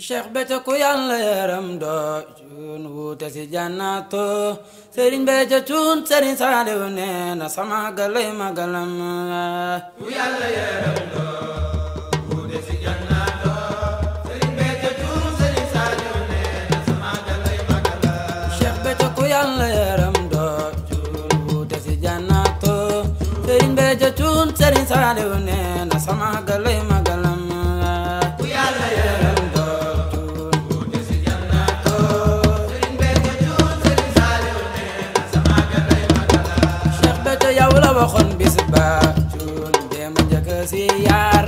cheikh Béthio ku yàlla yaram doo cuun cuun sëriñ Saaliw nee na sama galay magalam cuun sëriñ Saaliw nee na sama galay cuun wuute si jànnaato sëriñ Béthio cuun sëriñ la waxoon bis ba cuun dem jëkk si yaar